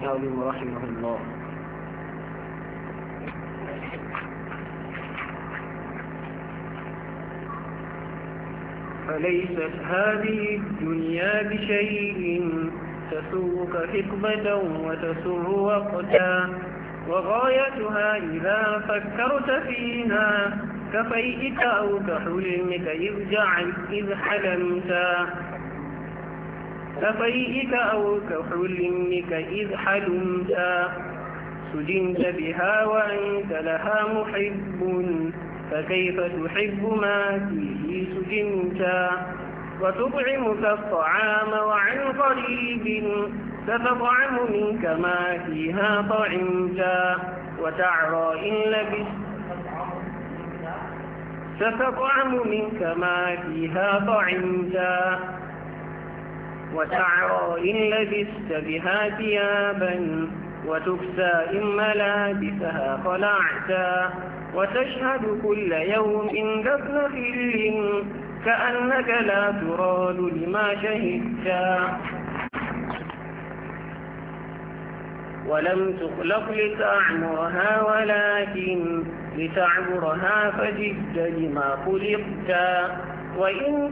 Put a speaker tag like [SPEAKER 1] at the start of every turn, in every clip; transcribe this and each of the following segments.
[SPEAKER 1] العظيم رحمه الله فليست هذه الدنيا بشيء تسوق حكمة وتسر وقتا وغايتها إذا فكرت فيها كفيئك أو كحلمك إذ, إذ حلمت كفيئك أو كحلمك إذ حلمت سجنت بها وأنت لها محب فكيف تحب ما فيه سجنت وتطعمك الطعام وعن قريب ستطعم منك ما فيها طعمت وتعرى إن لبست ستطعم منك ما فيها طعمت وتعرى إن لبست بها ثيابا وتكسى إن ملابسها خلعتا وتشهد كل يوم إن دفن خل كأنك لا تراد لما شهدتا ولم تخلق لتعمرها ولكن لتعمرها فجد لما خلقتا وإن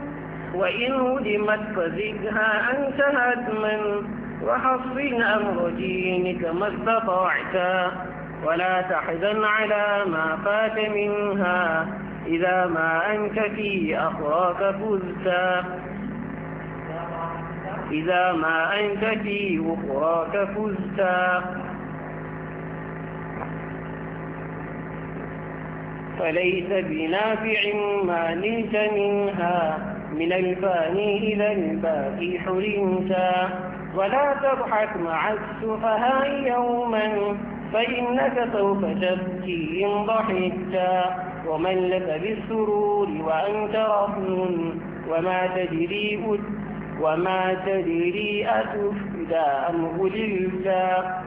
[SPEAKER 1] وإن هدمت فزدها أنت هدما وحصن أمر دينك ما استطعتا ولا تحزن على ما فات منها إذا ما أنت في أخراك فزتا إذا ما أنت في أخراك فزتا فليس بنافع ما نلت منها من الفاني إلى الباقي حرمتا ولا تضحك مع السفهاء يوما فإنك سوف تبكي إن ضحكتا ومن لك بالسرور وأنت رهن وما تدري وما تدري أتفدى أم غللتا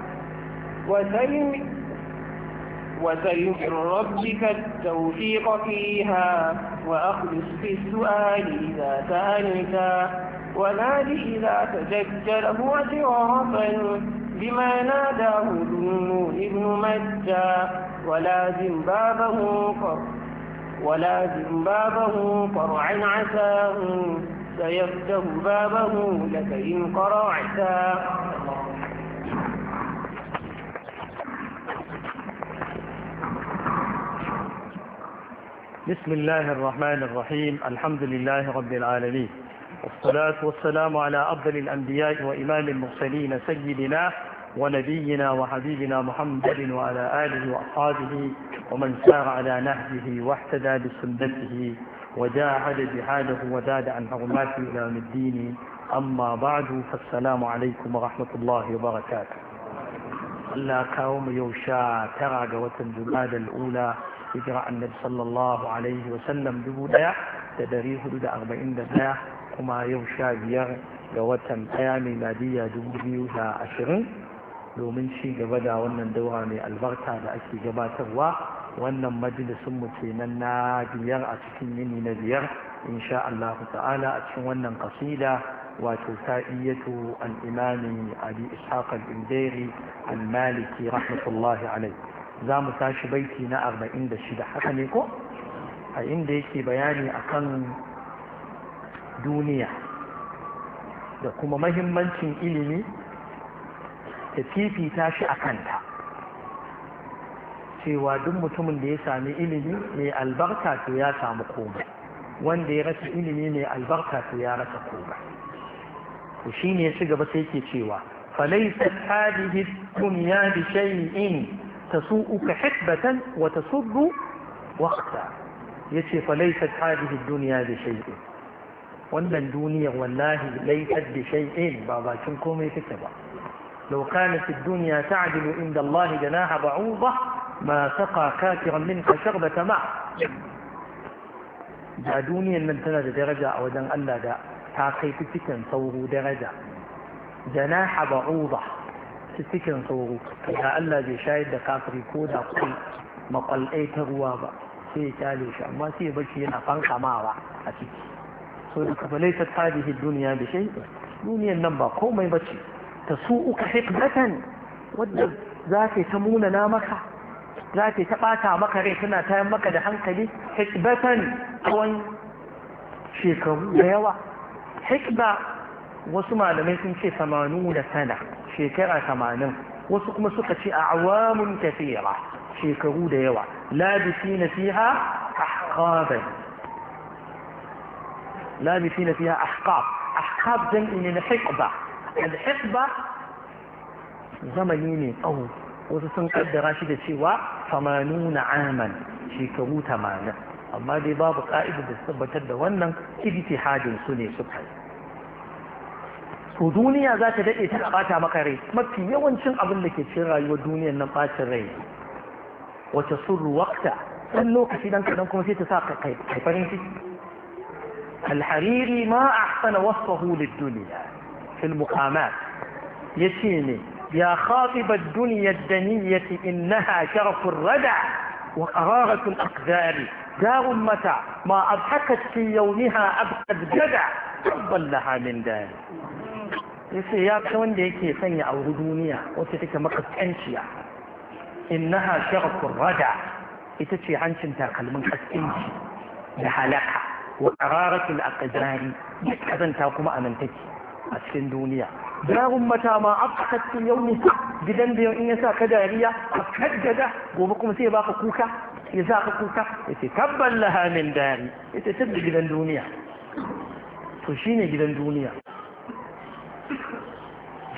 [SPEAKER 1] وسلم وسلك ربك التوفيق فيها وأخلص في السؤال إذا سألت ونادي إذا تججل هو سرافا بما ناداه ذنون ابن مجا ولازم بابه فر ولازم بابه فرعا عساه سيفتح بابه لك إن قرعتا
[SPEAKER 2] بسم الله الرحمن الرحيم الحمد لله رب العالمين والصلاة والسلام على أفضل الأنبياء وإمام المرسلين سيدنا ونبينا وحبيبنا محمد وعلى آله وأصحابه ومن سار على نهجه واحتدى بسنته وجاهد جهاده وزاد عن حرمات إلى الدين أما بعد فالسلام عليكم ورحمة الله وبركاته الله كاوم يوشا ترى قوة الجماد الأولى hijira annabi sallallahu alaihi wasallam dubu ɗaya da dari hudu da arba'in da ɗaya kuma yau sha biyar ga watan ɗaya miladiyya dubu biyu da ashirin domin ci gaba da wannan daura mai albarta da ake gabatarwa wannan majalisunmu kenan na biyar a cikin yini na biyar insha Allah ta'ala a cikin wannan kasida wato sa'iyatu al-imami abi ishaq al-indairi al-maliki rahmatullahi alaihi za mu tashi baiti na arba'in da shida haka ne ko a inda yake bayani akan duniya da kuma mahimmancin ilimi da fifita shi a kanta cewa duk mutumin da ya sami ilimi mai albarka to ya samu komai wanda ya rasa ilimi mai albarka to ya rasa ku shi shine ya ci gaba sai ke cewa falaisa hadhihi dunya bi shay'in تسوءك حقبة وتسر وقتا يتي فليست هذه الدنيا بشيء وأن الدنيا والله ليست بشيء بابا شنكم يتكبا لو كانت الدنيا تعدل عند الله جناح بعوضة ما سقى كافرا منك شربة ماء da duniyan nan tana درجة daraja a wajen Allah da ta kai جناح sauro daraja cikin sauro da Allah bai shayar da kafiri ko da kai makwalɗai ta ruwa ba sai ya kyale shi amma sai ya bashi yana fankamawa a ciki so da kafalai ta tarihi duniya da shai duniyan nan ba komai ba ce ta su uka hikmatan wadda za ta ta munana maka za ta ta ɓata maka rai tana tayar maka da hankali hikmatan tsawon shekaru da yawa hikba wasu malamai sun ce samanu da sana shekara tamanin wasu kuma suka ce a awamun kafira shekaru da yawa labisi na fiha ahqaban labisi na fiha ahqab ahqab jam'i ne na hiqba al-hiqba zamani ne tsawo wasu sun kaddara shi da cewa tamanuna aman shekaru tamanin amma dai babu ka'ida da tabbatar da wannan ijtihadin su ne suka yi to duniya za ta dade ta ɓata maka rai mafi yawancin abin da ke cikin rayuwar duniyar nan ɓacin rai wace surru waqta dan lokaci dan kaɗan kuma sai ta sa kai kai farin ciki al-hariri ma ahsana wasfahu lid-dunya fil muqamat yace ne ya khatib ad-dunya ad-daniyati innaha sharafu ar-rada wa qararatu al-aqdari دار متى ma أضحكت fi yawmiha abqad jada حبا لها من ذلك ya ce ya fi wanda yake sanya auri duniya wacce take makaskanciya innaha shagafin rada ita ce hancin takalmin kaskanci da halaka wa ƙararatul aqdari duk kazanta kuma a nan take a cikin duniya jarun mata ma afkatu yawmi gidan da in ya sa ka dariya a kaddada gobe kuma sai baka kuka ya sa ka kuka yace tabban laha min dari yace tabbi gidan duniya to shine gidan duniya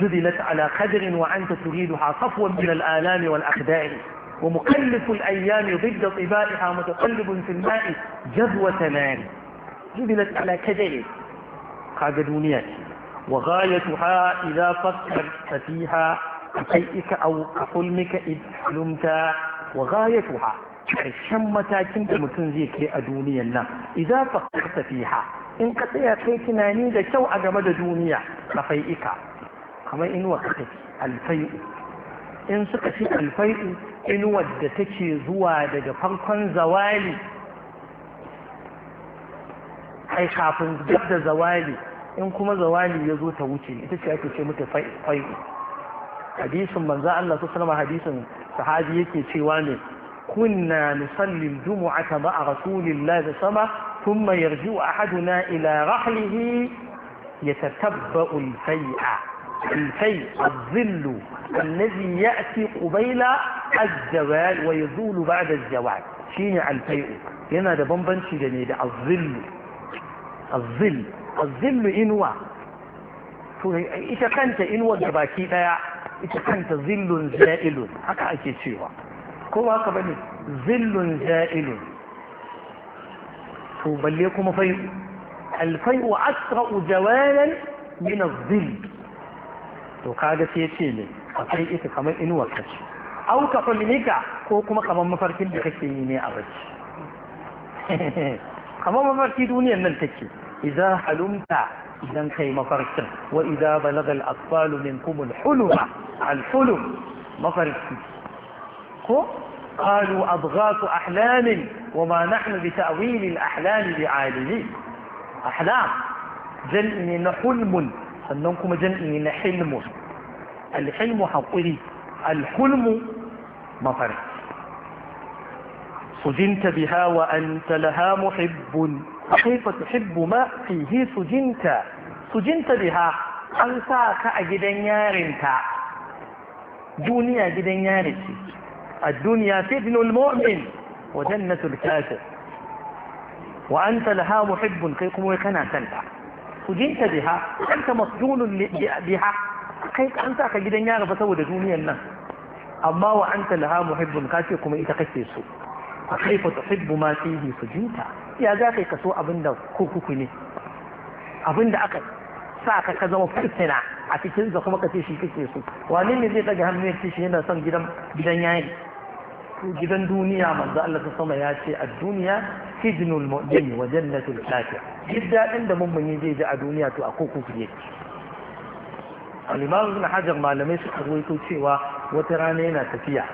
[SPEAKER 2] جذلت على قدر وأنت تريدها صفوا من الآلام والأخداع ومكلف الأيام ضد طبائها متقلب في الماء جذوة نار جذلت على كدر قاعدة دنياك وغايتها إذا فكرت فيها كشيئك أو كحلمك إذ حلمت وغايتها الشمتا كنت متنزيك لأدوني الله إذا فكرت فيها in ka tsaya kai tunani da kyau a game da duniya kafai ika kamar inuwa ka take alfai'u in suka ce alfai'u inuwar da take zuwa daga farkon zawali ai kafin gab da zawali in kuma zawali ya zo ta wuce ita ce ake ce mata fai'u hadisin manzo Allah su sallama hadisin sahabi yake cewa ne kunna nusallin jumu'ata ma'a rasulillahi sama ثم يرجع أحدنا إلى رحله يتتبأ الفيء الفيء الظل الذي يأتي قبيل الزوال ويزول بعد الزوال شين الفيء هنا ده بمبنشي جميل الظل الظل الظل إنوى إذا كانت إنوى جباكي baki daya كانت ظل زائل za'ilun haka ake cewa ko haka bane زائل to balle kuma fai'u alfai'u asra'u jawalan min to kaga sai yace ne akwai ita kamar inuwa kace au ka fulmika ko kuma kamar mafarkin da kake yi ne a bacci kamar mafarki duniyar nan take idza halumta idan kai mafarkin wa idza balagha al-atfal minkum al-huluma al-hulum mafarki ko قالوا أضغاث أحلام وما نحن بتأويل الأحلام بعالمين أحلام جنئنا حلم سننكم جنئنا حلم الحلم حقري الحلم مطر سجنت بها وأنت لها محب كيف تحب ما فيه سجنت سجنت بها أنساك أجدا يارنت دنيا أجدن يارنت الدنيا سجن المؤمن وجنة الكافر وأنت لها محب كي قموا كنا سنتا فجنت بها أنت مسجون بها كي أنت كجدا يعرف سوى دنيا الناس أما وأنت لها محب كافي قم يتكسسوا فكيف تحب ما فيه فجنت يا ذاك كسوء أبن كوكوكني أبن أكل sa ka ka zama fitina a cikin da kuma ka ce shi kake so wani ne zai daga hannu ya ce shi yana son gidan gidan yayi gidan duniya manzo Allah ta sama ya ce a duniya sijnul mu'min wa jannatul kafir duk dadin da mummuni zai ji a duniya to a kurkuku yake al-imam ibn hajar malamai suka ruwaito cewa wata rana yana tafiya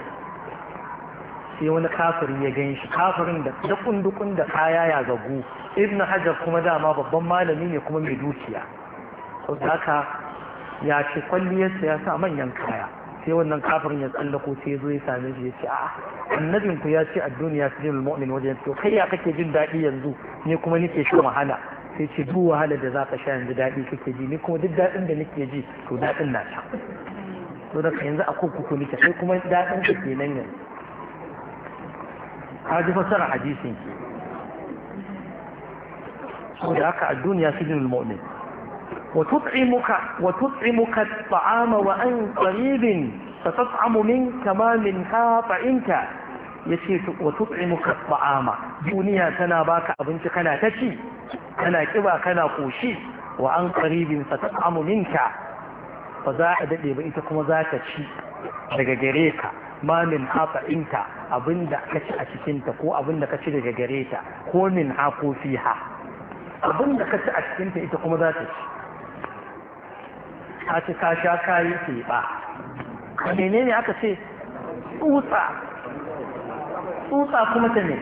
[SPEAKER 2] sai wani kafiri ya gan shi kafirin da dukun dukun da kaya ya zagu ibn hajar kuma dama babban malami ne kuma mai dukiya saboda haka ya ce kwalliyarsa ya sa manyan kaya sai wannan kafirin ya tsallako sai ya zo ya same shi ya ce a'a annabin ku ya ce a duniya su jin mu'min wajen to kai ya kake jin daɗi yanzu ne kuma nake shan wahala sai ce duk wahala da za ka sha yanzu daɗi kake ji ni kuma duk daɗin da nake ji to daɗin na ta to da yanzu a kurkuku nake sai kuma daɗin ka ke nan yanzu ka ji fasara hadisin ki, saboda haka a duniya su jin mu'min وتطعمك وتطعمك الطعام وأنت ميد فتطعم منك ما من طعمك yace wa tut'imuka ta'ama duniya tana baka abinci kana ta ci kana kiba kana koshi wa an qaribin fa ta'amu minka fa za'a dade ba ita kuma za ta ci daga gare ka ma min hafa inta ka ci a cikin ta ko abinda ka ci daga gare ta ko min hafo fiha abinda ka ci a cikin ita kuma za ta ci ka ci ka sha ka yi teɓa menene aka ce tsutsa tsutsa kuma ta ne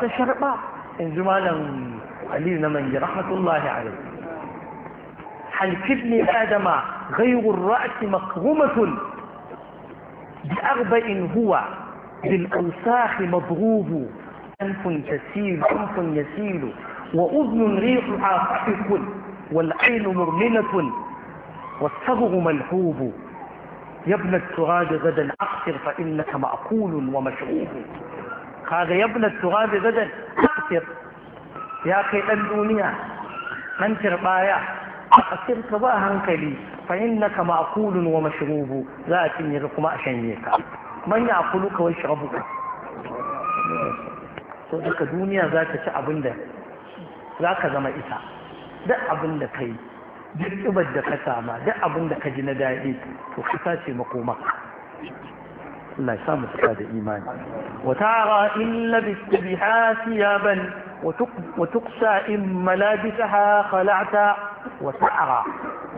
[SPEAKER 2] ta sharɓa in ji malam aliyu na mangi rahmatullahi alaihi halkib ne adama ghayrun ra'asi makhumatun bi arba'in huwa بالأوساخ مضروب أنف تسيل أنف يسيل وأذن ريحها صحف wal'ainu مرملة والثغر ملحوب يا ابن التراب غدا أقصر فإنك مأكول ومشروب هذا يا ابن التراب غدا أقصر يا أخي الدنيا من تربايا أقصر كباها كلي فإنك مأكول ومشروب ذات يرقم أشنيك من يأكلك ويشربك so duka duniya za ta ci abin da za ka zama ita duk abin da ka yi duk tsibar da ka sama duk abin da ka ji na daɗi to ka sace makoma Allah ya sa mu suka da imani wa tara illa bi tibihati yaban wa tuqsa in malabisaha khala'ta wa ta'ara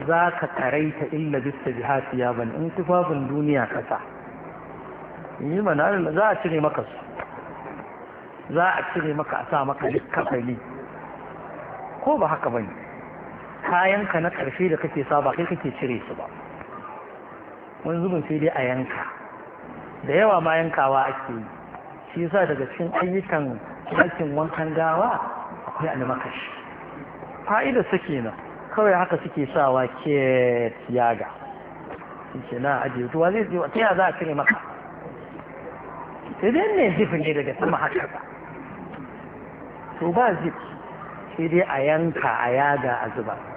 [SPEAKER 2] zaka karaita illa bi tibihati yaban in tufafin duniya kasa yi mana za a cire maka su za a cire maka a sa maka duk kafali ko ba haka bane kayanka na ƙarshe da kake sa ba kai kake cire su ba wani zubin sai dai a yanka da yawa ma yankawa ake yi shi yasa daga cikin ayyukan ɗakin wankan gawa akwai almakashi fa'ida suke nan kawai haka suke sawa ke shi ke na ajiye zuwa zai zai wata ya za a cire maka sai dai ne zifi ne daga sama haka ba to ba zifi sai dai a yanka a yaga a zuba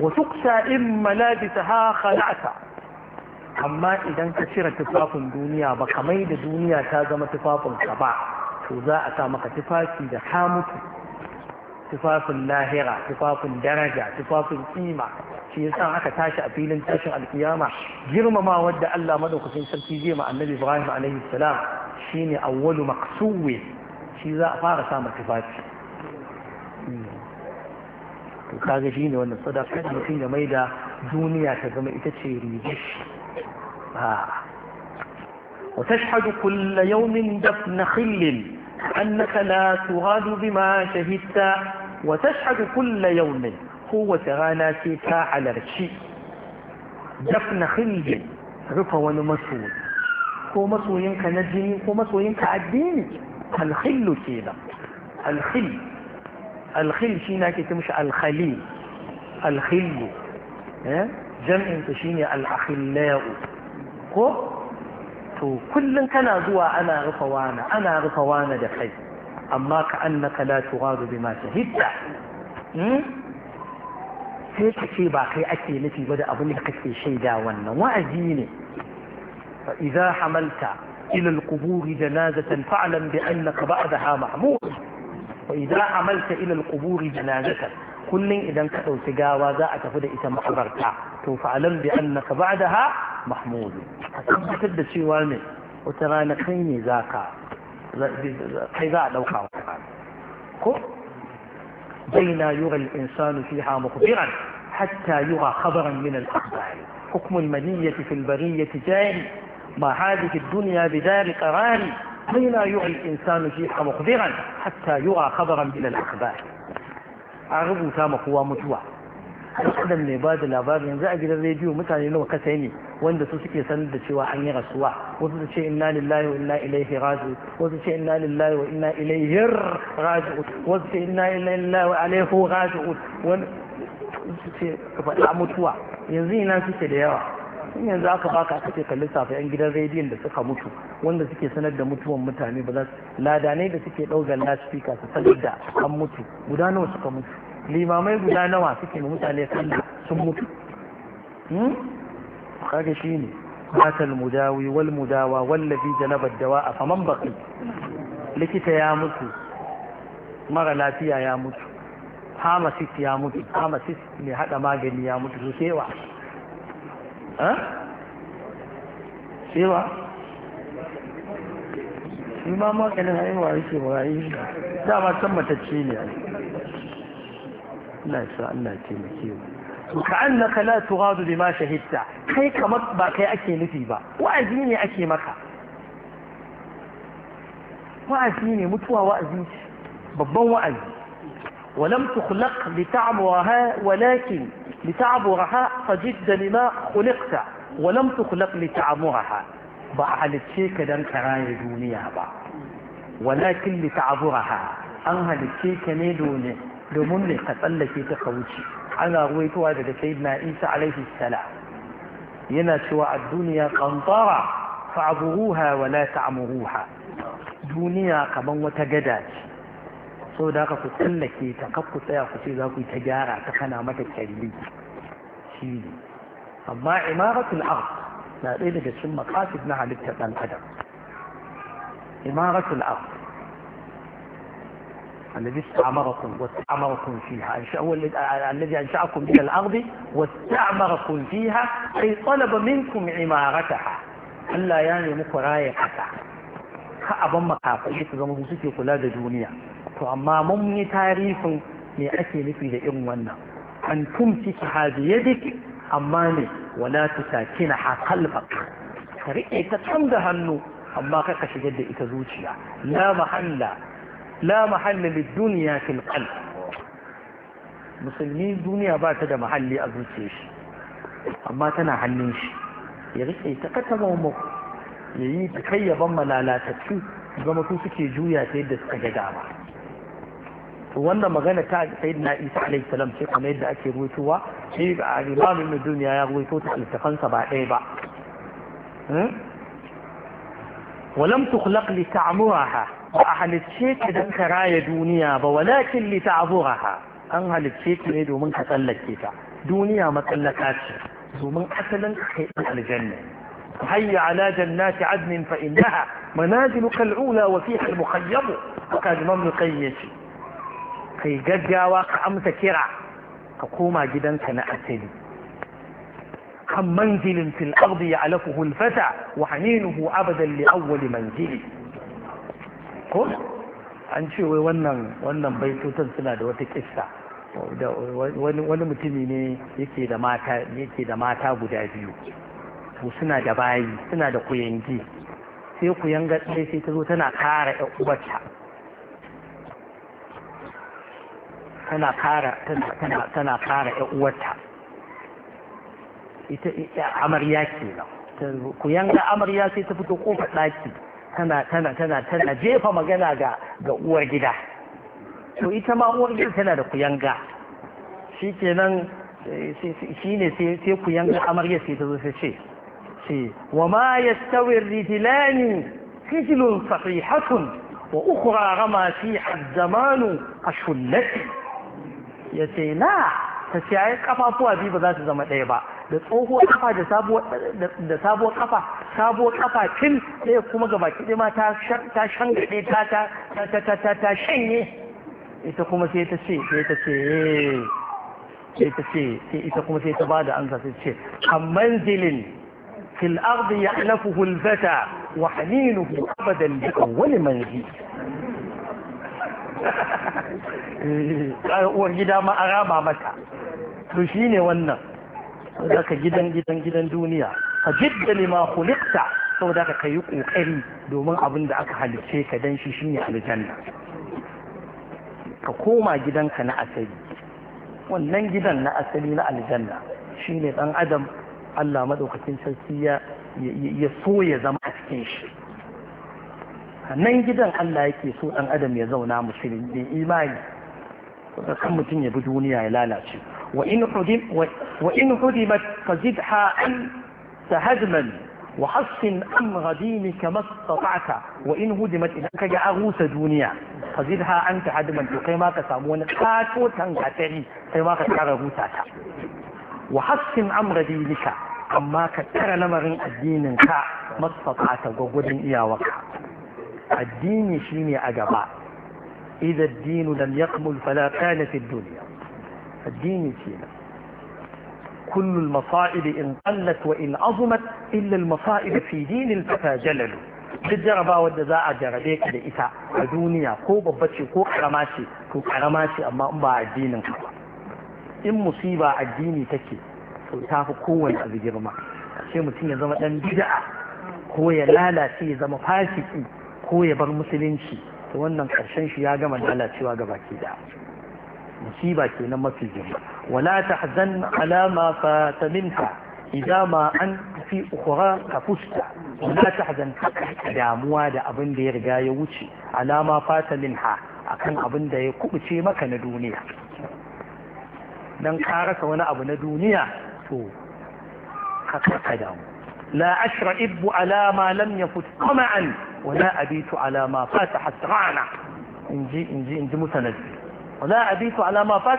[SPEAKER 2] وتقسى إن ملابسها خلعت أما إذا كثير تفاف دنيا بقميد دنيا تازم تفاف الكبع فذا أتامك تفاكي دحامك تفاف اللاهرة تفاف درجة تفاف القيمة shi yasa aka tashi a filin tashin alkiyama girmama wadda Allah madaukakin sarki zai ma annabi Ibrahim alaihi salam shine awwalu maqsuwi shi za a fara samun tufafi to kaga shi ne wannan sadaka da mutum ya maida duniya ta zama ita ce rigar وتشهد كل يوم دفن خل أنك لا تغاد بما شهدت وتشهد كل يوم هو تغانا سيتا على رشي دفن خل رفا ونمسول هو مسوين كنجني هو مسوين كعديني الخل كيلا الخل الخل شينا na ke mishi alkhali alkhilu jam'in ta shine al'akhillahu ko to kullum kana zuwa ana rufa wana ana rufa wana da kai amma sai ta ce ba kai ake nufi ba da abin da kake shaida wannan wa'azi ne fa idza hamalta ila al-qubur janazatan fa'lam bi annaka ba'daha mahmud وإذا عملت إلى القبور جنازة كل إذا كتو سجاوة ذا أتفد إتم خبرتا فعلم بأنك بعدها محمود أتبتد بسيواني وترى نقيني ذاك حذاء لو كان بين يرى الإنسان فيها مخبرا حتى يرى خبرا من الأخبار حكم المنية في البرية جاري ما هذه الدنيا بدار قراري حين يعي الإنسان الجيح مخبرا حتى يرى خبرا من الأخبار أعرضوا تام قوى متوى adam ne ba da labarin yanzu a gidan rediyo mutane nawa ka sani wanda su suke sanar da cewa an yi rasuwa wasu su ce inna lillahi wa inna ilaihi raji wasu ce inna lillahi wa inna ilaihi raji wasu ce inna lillahi wa alaihi wani ce faɗa mutuwa yanzu suke da yawa in yanzu aka baka aka ce kalli safa yan gidan rediyon da suka mutu wanda suke sanar da mutuwan mutane ba za su ladanai da suke ɗaukan lasfika su sanar da an mutu guda nawa suka mutu limamai guda nawa suke ma mutane kalla sun mutu hmm? kaga shi ne matal mudawi wal mudawa wallafi janabar dawa a faman baki likita ya mutu mara lafiya ya mutu pharmacist ya mutu pharmacist mai hada magani ya mutu su kewa cewa
[SPEAKER 3] shi ma maganin
[SPEAKER 2] haihuwa yake ba yi dama can matacce ne Allah ya sa Allah ce taimake mu to ka annaka la tughadu bima shahidta kai kamar ba kai ake nufi ba wa'azi ne ake maka wa'azi ne mutuwa wa'azi babban wa'azi ولم تخلق لتعبرها ولكن لتعبرها فجد لما خلقت ولم تخلق ba بعد شيك دان كراي دنيا با ولكن لتعبرها an halicce ka ne domin ne ka tsallake ta kauci wuce ana ruwaitowa daga sayyidina isa alaihi salam yana cewa a duniya kantara fa'aburuha wa la ta'muruha duniya kaman wata gada ce so da ka ku tsallake ta kar ku tsaya ku ce za ku yi ta gyara ta kana mata kyalli shi ne amma imaratul ard na ɗaya daga cikin maqasid na halittar ɗan adam imaratul ard الذي استعمركم واستعمركم فيها الذي أنشأكم من الأرض واستعمركم فيها أي طلب منكم عمارتها ألا يعني مكراية حتى كأبا مكافئة زمن سكي قلاد دنيا to amma mun yi tarihin me ake nufi da irin wannan an tumsiki ha biyadik amma ne wala tusakina ha qalbak ka rike ta can da hannu amma kaka shigar da ita zuciya la mahalla la mahalla lidunya fil qalb musulmi duniya ba ta da mahalli a zuciyar shi amma tana hannun shi ya rike ta kata mu ya yi ta kayyaban malalatattu zama su suke juya ta yadda suka ga dama wannan magana ta sayyidina Isa alayhi salam kamar yadda ake ruwaitowa shi ga al-Imam Ibn Dunya ya ruwaito ta littafan ba ɗaya ba hmm? wa lam tukhlaq li ta'muraha wa ahlitshe ka dan karaya duniya ba walakin li ta'zuraha an halicce ki ne domin ka tsallake ta duniya matsallaka ce domin asalin kai dan aljanna hayya ala jannati adnin fa innaha manazilu kal ula wa fiha al-mukhayyab kaji mamnu kai gaggawa ka amsa kira ka koma gidanka na asali kan manzilin fil ardi ya'lafuhu al-fata wa haninuhu abadan li awwal manzili ko an ce wai wannan wannan baitotan suna da wata kissa wani mutumi ne yake da mata yake da mata guda biyu to suna da bayi suna da kuyangi sai kuyanga ɗaya sai ta zo tana kara ƴan uwarta tana kara tana tana kara ƴan uwarta ita amarya kenan ku yanga amarya sai ta fito kofa daki tana tana tana tana jefa magana ga ga uwar gida to ita ma uwar gida tana da kuyanga shikenan eh, shine sai sai kuyanga amarya sai ta zo ta ce ce wa ma yastawi rijlani hijlun sahihatun wa ukhra rama fi zamanu ashullati ya ce na ta ce ai kafafuwa biyu ba za su zama ɗaya ba da tsohuwar kafa da sabuwar kafa sabuwar kafa tun ɗaya kuma ga baki ɗaya ma ta shangaɗe ta ta ta ta ta shanye ita kuma sai ta ce sai ta ce eh. sai ta ce sai ita kuma sai ta ba da amsa sai ce amman zilin fil ardi ya'lafuhu al-bata wa haninuhu abadan bi wani manzil Eh, uwar gida ma mata to shi ne wannan saboda ka gidan gidan gidan duniya ka jidda lima kulikta saboda ka kayi kokari domin abin da aka halice ka dan shi shine aljanna ka koma gidanka na asali wannan gidan na asali na aljanna shine ɗan adam Allah madaukakin sarki ya so ya zama a cikin shi a nan gidan Allah yake so ɗan adam ya zauna musulmi mai imani kan mutum ya bi duniya ya lalace wa in hudim wa in hudimat fazidha an tahadman wa hassin am ghadimika mastata'ta wa in hudimat idan ka ga an rusa duniya fazidha an tahadman to kai ma ka samu wani kato tangatari kai ma ka kara rusa ta wa hassin am ghadimika amma ka tsara lamarin addinin ka mastata'ta gwagwadin iyawarka addini shine a gaba idza ad-dinu lam yakmul fala kana fi dunya addini kenan كل المصائب إن قلت وإن عظمت إلا المصائب في دين الفتى جلل بالجربة والجزاء جربيك لإتاء الدنيا كو ببتشي كو كرماتي كو كرماتي أما أمبا الدين إن مصيبة الديني تكي تاف قوة أبي جرما شيء متين زمان بدعة هو يلالا شيء زمان فاسكي ko ya bar musulunci to wannan karshen shi ya gama lalacewa ga baki da musiba kenan mafi girma wala tahzan ala ma fata minka idza ma an fi ukhra kafusta wala tahzan damuwa da abin da ya riga ya wuce ala ma fata minha akan abin da ya kubuce maka na duniya dan ka rasa wani abu na duniya to ka damu لا أشرئب على ما لم يفت طمعا ولا أبيت على ما فات حسرانا انجي انجي انجي مسند ولا أبيت على ما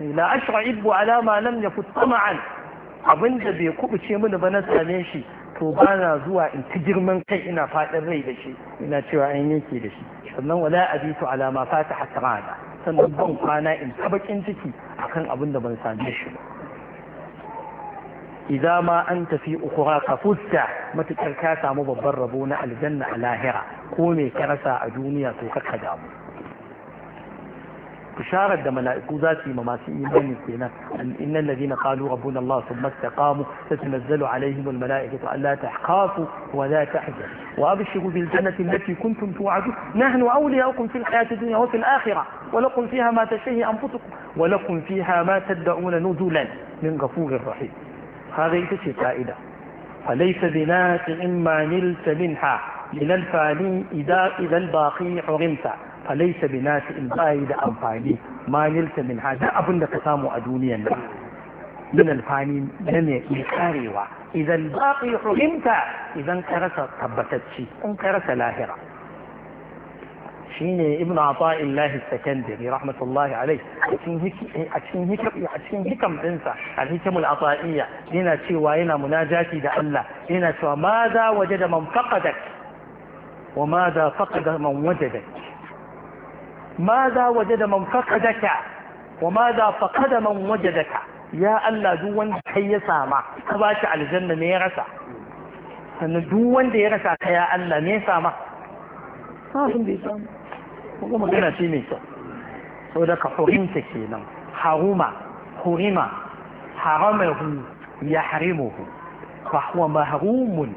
[SPEAKER 2] لا أشرئب على ما لم يفت da bai kubuce mini ba na same shi to bana zuwa in ta girman kai ina faɗin rai da shi ina cewa 'Yan yake da shi sannan wala abitu ala fata sannan ban kwana in ta bakin ciki akan abin da ban same shi إذا ما أنت في أخرى فزت ما تكركا سامو ببر ربونا الجنة على هرا كوني كرسا أدوني أتوك كدام بشارة دم ملائكو ذاتي مماسي إيماني سينا إن الذين قالوا ربنا الله ثم استقاموا تتنزل عليهم الملائكة ألا تحقافوا ولا تحزن وأبشروا بالجنة التي كنتم توعدون نحن أولياؤكم في الحياة الدنيا وفي الآخرة ولكم فيها ما تشهي أنفسكم ولكم فيها ما تدعون نزلا من غفور رحيم هذا يتسي قائدة فليس بناس إما نلت منها من الفاني إذا, إذا الباقي حرمت فليس بناس إن قائدة أنفاني ما نلت منها دا أبن تسامو أدونيا من الفاني لم يكاريوا إذا الباقي حرمت إذا انكرس تبتتشي انكرس لاهرة شيني ابن عطاء الله السكندري رحمة الله عليه أكسين هكم أكسين هكم إنسا الهكم العطائية لنا شوى هنا مناجاتي دا الله لنا شوى ماذا وجد من فقدك وماذا فقد من وجدك ماذا وجد من فقدك وماذا فقد من وجدك يا الله دون حي سامع تباك على الجنة ميرسا أن دون ديرسا يا الله ميرسا ما آه، ما هم ديرسا kuma magana ce mai kyau sau da ka hurinta kenan haruma hurima haramahu ya harimuhu fa huwa mahrumun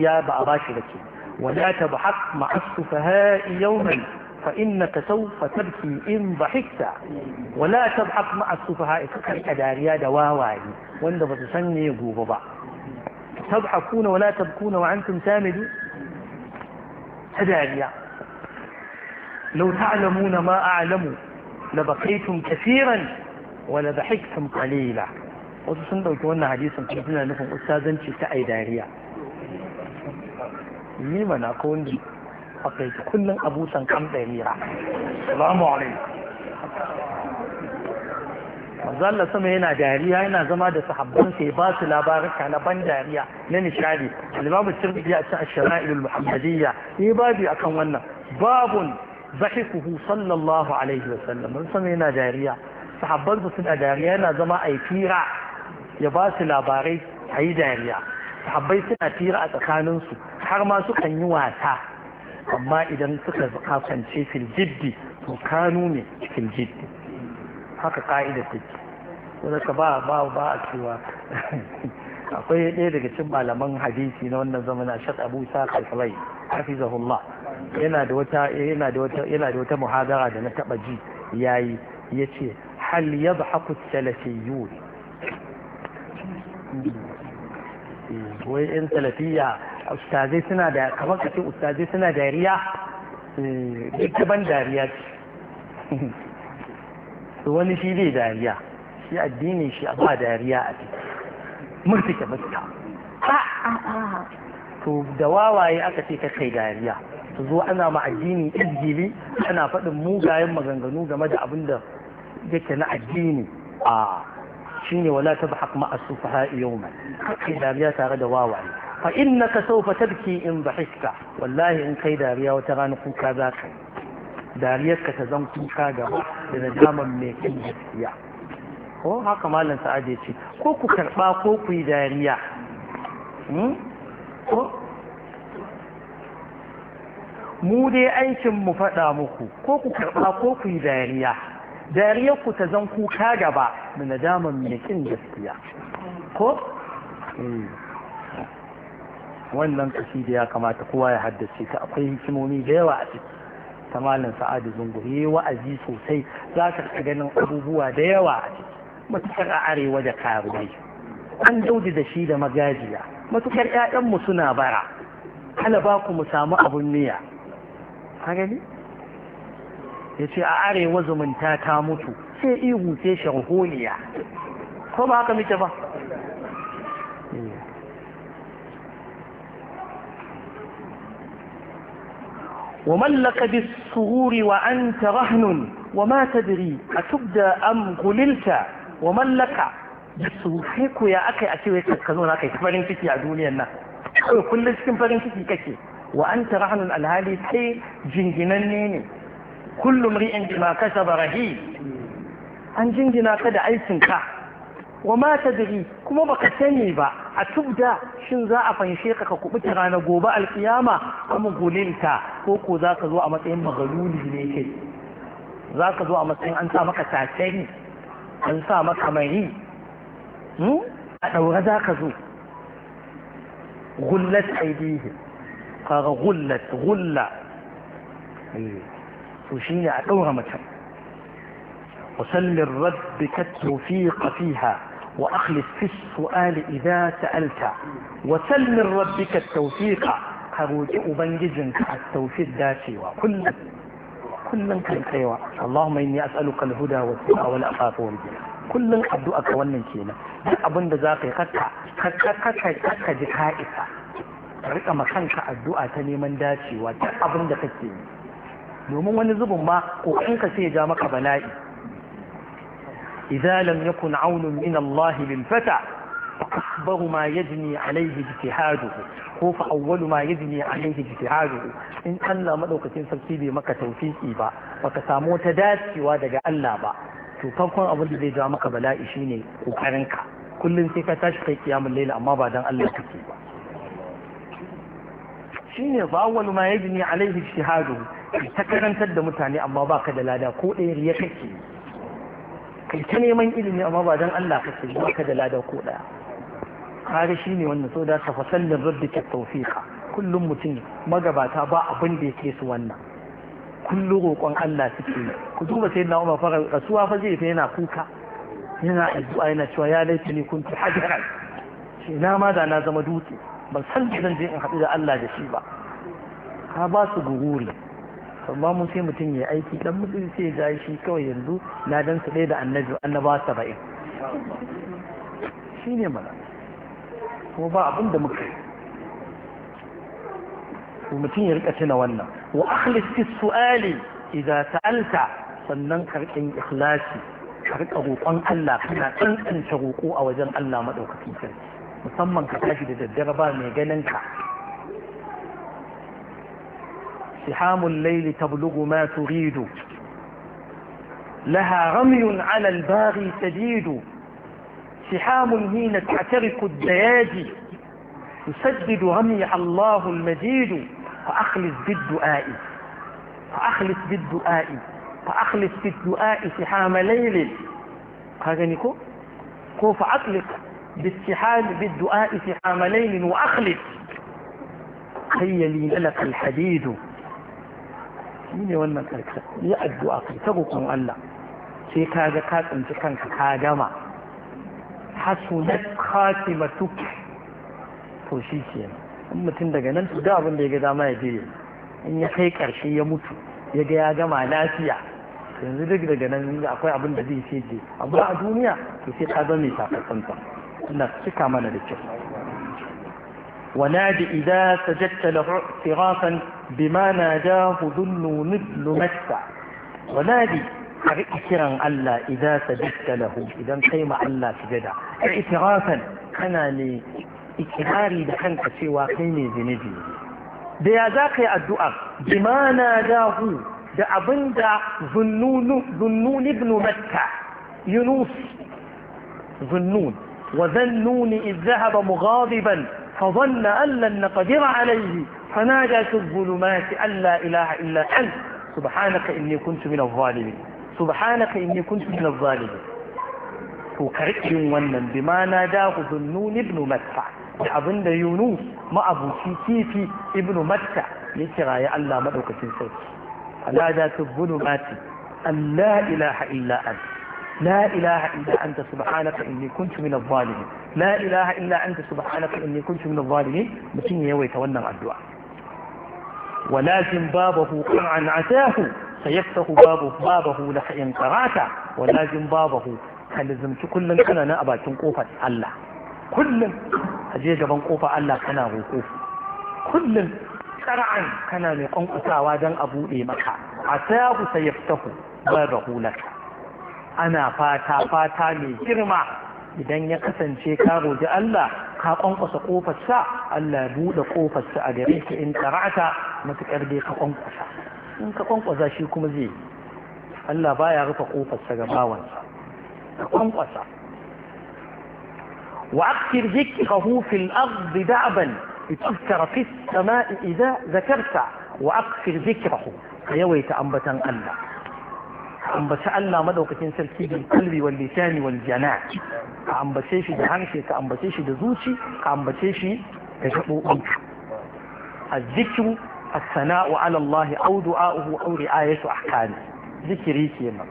[SPEAKER 2] ya ba a bashi da ke wala ta ba hak ma'asu fa ha'i yawman fa innaka sawfa tabki in ba bahikta wala tabhaq ma'a sufaha'i ka dariya da wawaye wanda ba su san ne gobe ba tabhakuna wala tabkuna wa antum samidu ta dariya لو تعلمون ما أعلم لبقيتم كثيرا ولضحكتم قليلا wasu sun ɗauki wannan hadisin kuma suna nufin ustazanci ta ai dariya ni mana ko wanda akai kullum abusan kam dariya salamu alaikum manzo Allah sama yana dariya yana zama da sahabban sai ba su labarika na ban dariya na nishadi al-Imam Tirmidhi a cikin Ash-Shama'il al-Muhammadiyya ni babu akan wannan babun ضحكه صلى الله عليه وسلم sun yana dariya sahabbansa suna dariya yana zama a fira ya ba su labarai a yi dariya sahabbai suna fira a tsakaninsu har ma sukan yi wasa amma idan suka kasance filjiddi to kanu ne filjiddi haka ka'ida take wanda ka ba ba ba a cewa akwai ɗaya daga cikin malaman hadisi na wannan zamanin shak abu isa kalfalai hafizahullah yana da wata yana da wata yana da wata muhadara da na taba ji yayi yace hal yadhaku salafiyun hmm. wai in salafiya ustazai suna da kamar kace ustazai suna da dariya hmm, duk ban dariya ce wani shi bai dariya shi addini shi ba dariya a ciki murtuke mutuka
[SPEAKER 3] ah, ah, ah.
[SPEAKER 2] to da wawaye aka ce ka kai dariya su zo ana ma addini izgili ana faɗin mugayen maganganu game da abin da yake na addini a ne wala ta tabhaq ma a sufaha ka kai dariya tare da wawaye fa innaka sawfa tabki in dhahikta wallahi in kai dariya wata rana kuka za ka dariyar ka ta zan kuka gaba da nadaman mai kin gaskiya ko haka malam sa'ad ya ce ko ku karɓa ko ku yi dariya hmm? mu dai aikin mu faɗa muku ko ku karɓa ko ku yi dariya dariyar ku ta zan kuka gaba da nadaman mai kin gaskiya ko eh. wannan da ya kamata kowa ya haddace ta akwai hikimomi da yawa a ciki ta malam sa'adu zungur yi wa'azi sosai za ka ganin abubuwa da yawa a ciki matukar a arewa da karuwai an daudi da shi da magajiya matukar 'ya'yanmu suna bara ala ba ku mu samu abun miya farali ya ce a arewa zumunta ta mutu sai ihu sai shahuliya ko ba haka mita ba wa mallaka bi suhuri wa an tarahnun wa ma tadiri a tuk da amgulinta wa mallaka da suhuri ku ya a cewa ya kakkano na farin ciki a duniyan nan kullum cikin farin ciki kake Wa'anta an ta rahanun alhali kai jinginanne ne kullum ri'in bima kasaba rahi an jingina ka da aikin ka wa ma tadri kuma baka sani ba a tubda shin za a fanshe ka ka kubuta rana gobe alkiyama kuma gulinta ko ko za ka matsayin magaluli ne kai za ka matsayin an sa maka an sa maka mari hmm? a ɗaura قال غلت غلة وشيني عقوها مثلا وسل الرب كتر فيق فيها واخلف في السؤال إذا سألت وسل ربك التوفيق قبوت أبنجزن التوفيق ذاتي وكل كل كان خيوة اللهم إني أسألك الهدى والتقى والأخاف والجنة كل من قد أكوان من كينا أبن دزاقي خطا خطا خطا خطا خطا خطا rika kanka addu'a ta neman dacewa duk abin da kake yi domin wani zubin ma kokarinka sai ya ja maka bala'i idza lam yakun aunun min Allah lil fata أكبر ما يجني عليه اجتهاده ko fa awwalu ma yajni alaihi ijtihaduhu in Allah madaukakin sarki bai maka tawfiki ba baka samu wata dacewa daga Allah ba to farkon abin da zai ja maka bala'i shine kokarinka kullum sai ka tashi kai kiyamul layl amma ba dan Allah kake ba shine fa awwal ma yajni alaihi ijtihadu ta karantar da mutane amma baka da lada ko ɗaya riya kake kai ta neman ilimi amma ba dan Allah kake baka da lada ko ɗaya kare shine wannan so da tafasallin raddika tawfiqa kullum mutum magabata ba abin da yake su wannan kullu roƙon Allah suke ku duba sai na Umar fara rasuwa fa zai fa yana kuka yana addu'a yana cewa ya kun kuntu hajaran shi na ma da na zama dutse ban san da zan je in haɗu da Allah da shi ba ka ba su gururi amma mun sai mutum ya aiki dan mutum sai ya shi kawai yanzu na dan su da annabi annaba saba'in shi ne mana Ko ba abin da muka yi mutum ya rika tuna wannan wa akhlis fi su'ali idza sa'alta sannan karkin ikhlasi karka rika roƙon Allah kana tsantsanta roƙo a wajen Allah madaukakin sarki musamman ka tashi da daddare ba mai ganin ka sihamun laili tablugu ma turidu لها رمي على الباغي تجيد سحام حين تعترق الدياجي يسدد رمي الله المجيد فأخلص بالدعاء فأخلص بالدعاء فأخلص بالدعاء سحام ليل هذا نكو كو فأطلق بالسحال بالدعاء سحاملين وأخلص خيلي لك الحديد shine wannan karkar yi addu'a kai ta roƙon Allah sai ka ka tsinci kanka ka gama hasunat khatimatuk to shi ke in mutum daga nan su da abin ya ga dama ya in ya kai karshe ya mutu ya ga ya gama lafiya yanzu duk daga nan akwai abin da zai ce je amma a duniya to sai ka zama mai takasanta Allah cika mana da kyau. Wana da idan ta jattala firafan bi na ja hudun nunin wana da ƙarƙi kiran Allah idan ta jattala idan kai ma Allah su jada, ƙarƙi firafan kana ne ikirari da kanka cewa kai ne zunubi. Da ya za ka yi addu’a, bi na ja da abin da zunnun ibn Yunus, zunnun, وذنون إذ ذهب مغاضبا فظن أن لن نقدر عليه فنادى في الظلمات أن لا إله إلا أنت سبحانك إني كنت من الظالمين سبحانك إني كنت من الظالمين وكرئي ونن بما ناداه ذنون ابن مدفع أظن يونس ما أبو سيتيفي ابن مدفع يترى يا الله مدوكة سيد فنادى في الظلمات أن لا إله إلا أنت لا إله إلا أنت سبحانك إني كنت من الظالمين لا إله إلا أنت سبحانك إني كنت من الظالمين متين يوي تولى الدعاء ولكن بابه قرعا عتاه سيفتح بابه بابه لحين قراتا ولكن بابه كلزم كل كان أنا أبا تنقوفة الله كل أجي جبان قوفة الله كان وقوف كل قرعا كان لقنقصا ودن أبو إيمكا عتاه سيفتح بابه لك ana fata fata mai girma idan ya kasance ka roji Allah ka kwankwasa kofarsa Allah buɗe kofarsa a gare ka in karata matuƙar dai ka kwankwasa in ka kwankwasa shi kuma zai Allah baya rufe kofarsa ga bawansa ka kwankwasa wa aktir dhikrahu fil ardi da'ban lituzkara fis sama'i idza zakarta wa aktir dhikrahu yawaita ambatan Allah ambaci Allah madaukakin sarki bil qalbi wal lisani wal jana ka ambace shi da harshe ka ambace shi da zuci ka ambace shi da gabobi azzikru as-sana'u 'ala Allah aw du'a'uhu aw ri'ayatu ahkami zikiri kenan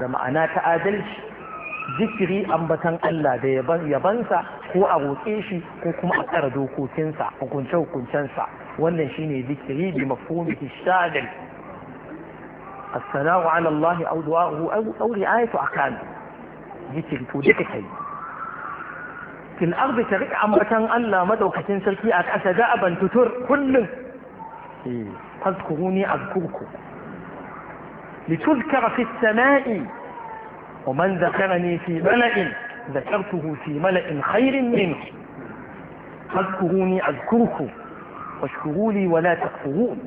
[SPEAKER 2] da ma'ana ta adalci zikiri ambatan Allah da yabansa ko a roƙe shi ko kuma a tsara dokokinsa hukunce hukuncensa wannan shine zikiri bi mafhumi shadal الثناء على الله أو دعاؤه أو, أو رعاية أحكامه ذكر تودك حي في الأرض ترك أمرتان ألا مدوكة سلكي أكأس دأبا تتر كل إيه. فاذكروني أذكركم لتذكر في السماء ومن ذكرني في ملأ ذكرته في ملأ خير منه فاذكروني أذكركم واشكروا لي ولا تكفرون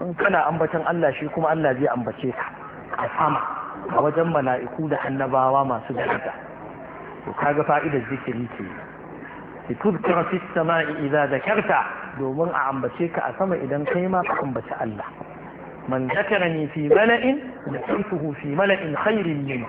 [SPEAKER 2] in kana ambatan Allah shi kuma Allah zai ambace ka a sama a wajen mala'iku da annabawa masu daraja to kaga fa'idar zikiri ke ki tudkira fi sama'i idza zakarta domin a ambace ka a sama idan kai ma ka ambaci Allah man zakarani fi mala'in zakartuhu fi mala'in khairin min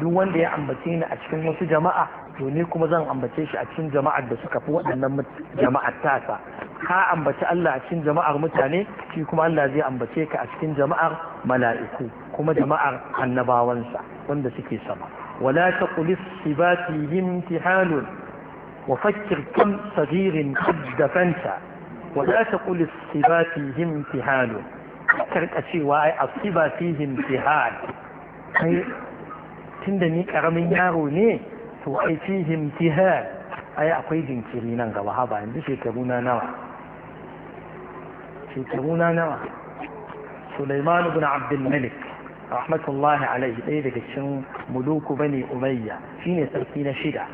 [SPEAKER 2] duk wanda ya ambace ni a cikin wasu jama'a to ni kuma zan ambace shi a cikin jama'ar da suka fi waɗannan jama'ar tasa ka ambaci Allah a cikin jama'ar mutane shi kuma Allah zai ambace ka a cikin jama'ar mala'iku kuma jama'ar annabawansa wanda suke sama wala taqulis sibati imtihanun wa fakkir kam saghirin qaddafanta wala taqulis sibati imtihanun karka cewa ai asiba fihi imtihan kai tunda ni karamin yaro ne to ai fihi imtihan ai akwai jinkiri nan gaba haba yanzu shekaru na nawa shekaru na nawa Sulaiman ibn Abdul rahmatullahi alaihi ɗaya daga cikin muluku bane Umayya shine sarki na shida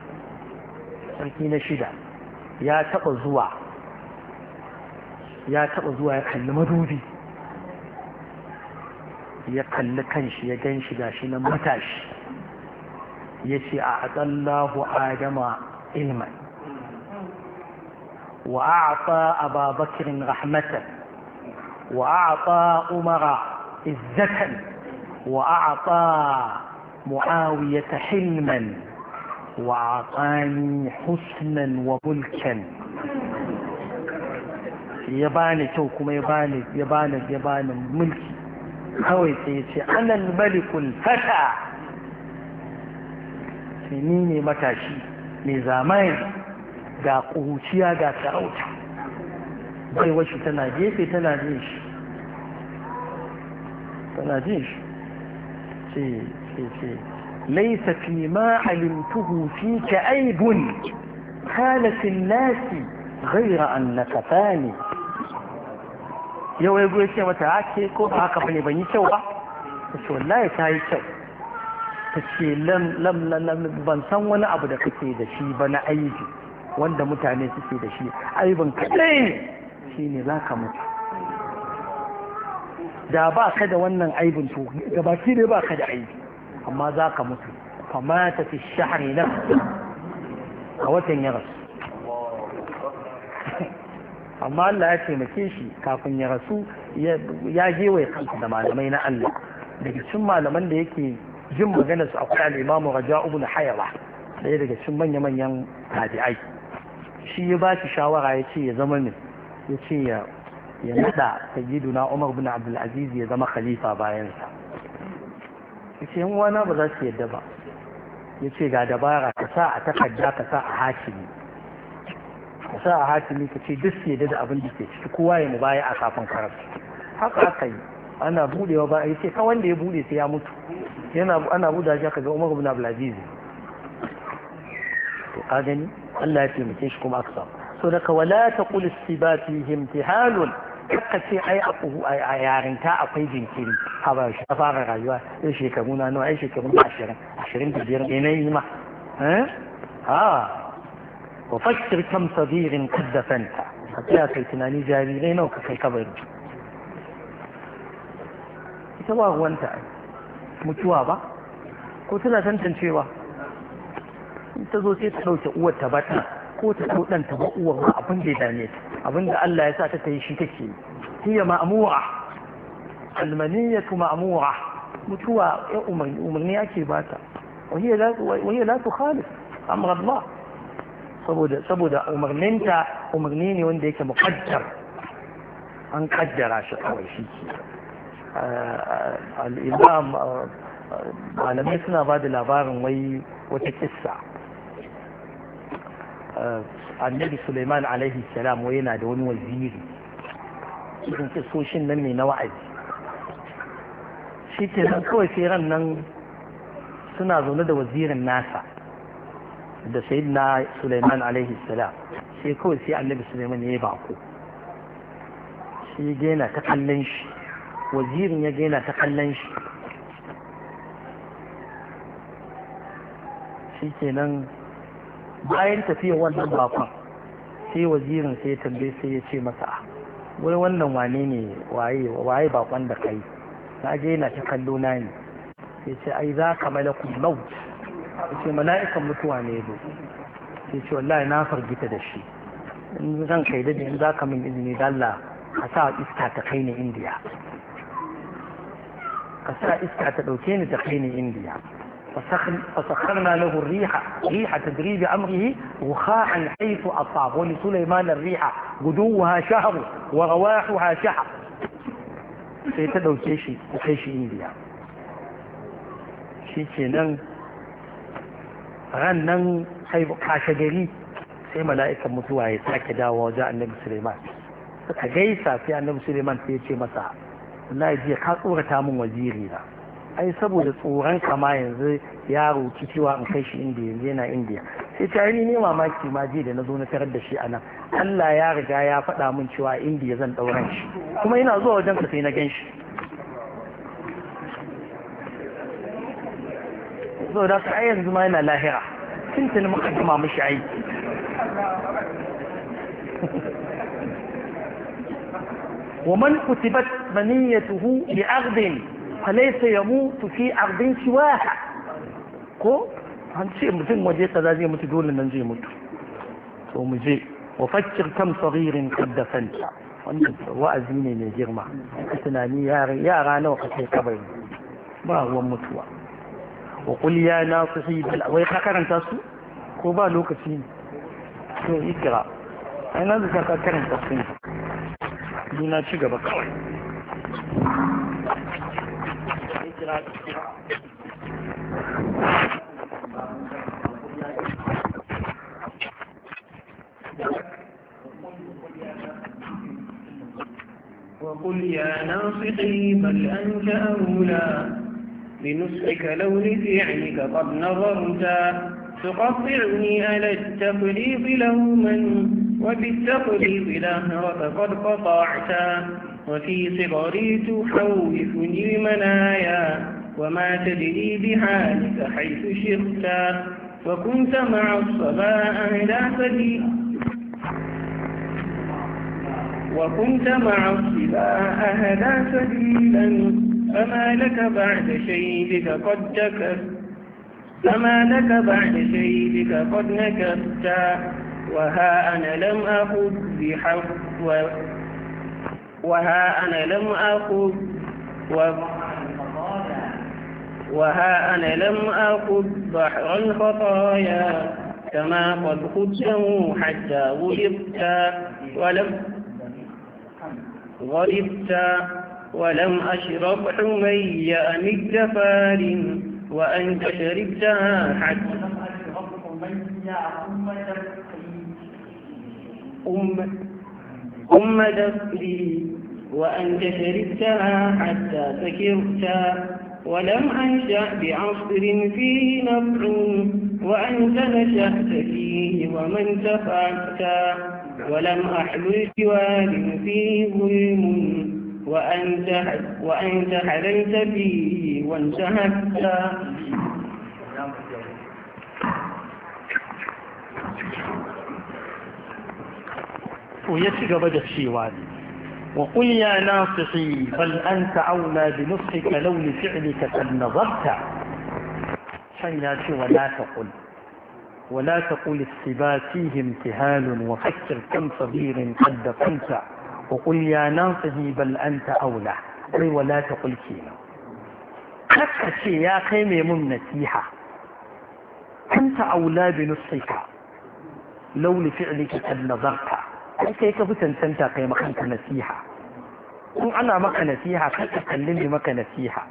[SPEAKER 2] sarki na shida ya taɓa zuwa ya taba zuwa ya kalli madubi ya kalli kanshi ya gan shi gashi na matashi ya ce a atsallahu adama ilman wa a aba bakirin rahmatan وأعطى أمر عزة وأعطى معاوية حلما وأعطاني حسنا وملكا يباني توكم يباني يباني يباني ملكي kawai sai ya ce anan malikul fata ni دا matashi دا zamani bai washi tana gefe tana jin shi tana jin shi ce ce ce laisa fi ma alimtuhu fi ka aibun halatin nasi ghaira annaka fani yau ya goye ce mata ake ko ba haka bane ban yi kyau ba ta ce wallahi ta yi kyau ta ce lam ban san wani abu da kake da shi ba na aibi wanda mutane suke da shi aibin kaɗai ne shi ne za ka mutu da ba ka da wannan aibin to baki ne ba ka da aibi amma za ka mutu fama ta fi shahari na a watan ya rasu amma Allah ya taimake shi kafin ya rasu ya gewaye kansa da malamai na Allah daga cikin malaman da yake jin magana su akwai Imamu raja ibn hayara daya daga cikin manya-manyan tabi'ai shi ya ba shi shawara ya ce ya zama mai ya ce ya nada duna umar bin abdulaziz ya zama khalifa bayansa ya ce yin wana ba za su yadda ba ya ce ga dabara ka sa a takarda ka sa a hakimi ka sa a hakimi ka ce duk yadda da abin da ke ciki kowa ya mubaya a kafin karar haka aka yi ana budewa ba ya ce ka wanda ya bude sai ya mutu yana ana buda shi aka ga umar bin abdulaziz to ka gani Allah ya taimake shi kuma aka samu قلت لك ولا تقول استباتي امتحان لقد في اي اقوه اي اي عرنتا اقوي جنكيري هذا شفار غيوة ايش يكمون انو ايش يكمون عشرين عشرين كبيرين اني ما ها ها آه. وفكر كم صديق قد دفنت حتى كيتنا نجاري لين وككي كبير تواه وانت متوابا قلت لا تنتن شيوا انت زوجي تحوش قوة تبتنا ko ta ko dan ta ba uwar ma abin da ya dame ta abin da Allah ya sa ta ta yi shi take yi hiya ma'mura almaniyatu ma'mura mutuwa ya umarni umarni yake ake bata وهي لا وهي لا تخالف امر Allah saboda saboda umarninta umarni ne wanda yake muqaddar an kaddara shi kawai shi ke al-imam malamai suna ba da labarin wai wata kissa annabi Suleiman alaihi salam wai yana da wani waziri cikin kisoshin nan ne na wa'azi shi ke nan kawai sai ran nan suna zaune da wazirin nasa da na Suleiman alaihi salam sai kawai sai annabi Suleiman ya yi bako shi gena ta kallon shi wazirin ya gena ta kallon shi shi ke nan. bayan tafiya wannan bakon sai wazirin sai tambaye sai ya ce masa wai wannan wane ne waye waye bakon da kai na je na ta kallo na ne sai ce ai za ka malakul maut sai ce mala'ikan mutuwa ne zo sai ce wallahi na fargita da shi in zan kai da in za ka min izini da Allah ka sa iska ta kai ni indiya ka sa iska ta dauke ni ta kai ni indiya فسخرنا له الريح ريح تدريب أمره وخاء حيث أصاب ولسليمان الريح قدوها شهر ورواحها شهر سيتدو كيشي ta إنديا shi ke nan ran nan kashe gari sai mala'ikan mutuwa ya sake dawo wajen annabi suleiman suka gaisa sai annabi suleiman sai ya ce masa na ji ka tsorata min waziri na ai saboda tsoron kama yanzu yaro roki cewa in kai shi inda yanzu yana indiya sai ta yi ne mamaki ma je da na zo na tarar da shi a nan allah ya riga ya faɗa min cewa indiya zan ɗauran shi kuma yana zuwa wajen ka sai na gan shi zo da ai yanzu ma yana lahira tuntuni muka gama mishi aiki ومن كتبت منيته لأغد falaisa ya mutu fi ardin shiwaha ko an ce mutum waje kaza zai mutu dole nan zai mutu to mu je wa fakkir kam kadda fanta wannan wa'azi ne mai girma ka tunani yara nawa ka kai kabari ba ruwan mutuwa wa qul ya nasu hibal wai ka karanta su ko ba lokaci ne to ikira an nan ka karanta su ne ci gaba kawai
[SPEAKER 3] وقل
[SPEAKER 1] يا ناصحي بل أنت أولى لنصحك لو لفعلك قد نظرتا تقطعني على التقليد لوما وبالتقليد لاهرة قد قطعتا وفي صغري تخوفني المنايا وما تدري بحالك حيث شئت وكنت مع الصبا أهلا فدي وكنت مع الصبا أهلا سبيلا فما لك بعد شيبك قد تكفت فما لك بعد شيبك قد نكفت وها أنا لم أخذ بحق وها أنا لم أخذ و... وها أنا لم أقل بحر الخطايا كما قد خذته حتى غلبت ولم غلبت ولم أشرب حمي أم الجفار وأنت شربتها حتى أم ثم دبري وأنت شربتها حتى سكرتا ولم أنشأ بعصر فيه نفع وأنت نشأت فيه ومن تفعت ولم أحلل جوال فيه ظلم وأنت, وأنت حللت فيه وانتهكت
[SPEAKER 3] Thank you.
[SPEAKER 2] ويسق بدا الشيوان وقل يا ناصحي بل أنت أولى بنصحك لو لفعلك قد نظرت حيناتي ولا تقل ولا تقل السبا فيه امتهال وفكر كم صغير قد قمت وقل يا ناصحي بل أنت أولى أي ولا تقل كينا حتى يا قيمة من نسيحة أنت أولى بنصحك لو لفعلك قد نظرت ai kai ka fi cancanta kai makanka nasiha in ana maka nasiha kar ka kalli ne maka nasiha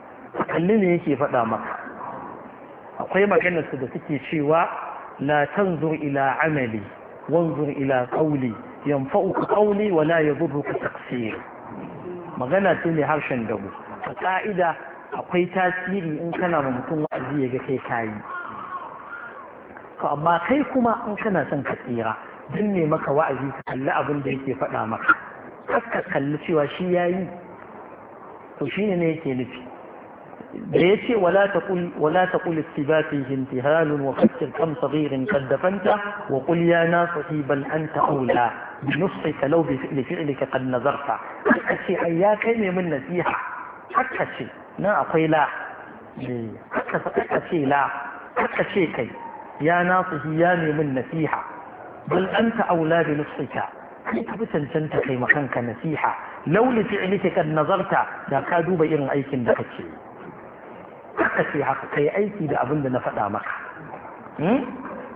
[SPEAKER 2] kalli ne yake faɗa maka akwai maganar su da suke cewa la tanzur ila amali wanzur ila qawli yanfa'u qawli wa la yadhurruka taqsir magana ce mai harshen dabu a ka'ida akwai tasiri in kana ma mutum wa'azi ya ga kai kayi to amma kai kuma in kana son ka tsira din maka wa'azi ka kalli abin da yake faɗa maka ka kalli cewa shi yayi to shi ne yake nufi da ya ce wala ta kuli istibati intihal wa fakkir kam saghirin qad dafanta wa qul ya nasu bal anta aula bi nusfika law bi fi'lika qad nazarta haka ce kai ne min nasiha haka ce nan akwai la haka ce la haka ce kai ya nasu ya ne min nasiha bal anta aula bi nafsika kai ka fi cancanta kai makanka nasiha lauli fi'lika kad nazarta da ka duba irin aikin da kake haka ce haka kai aiki da abin da na faɗa maka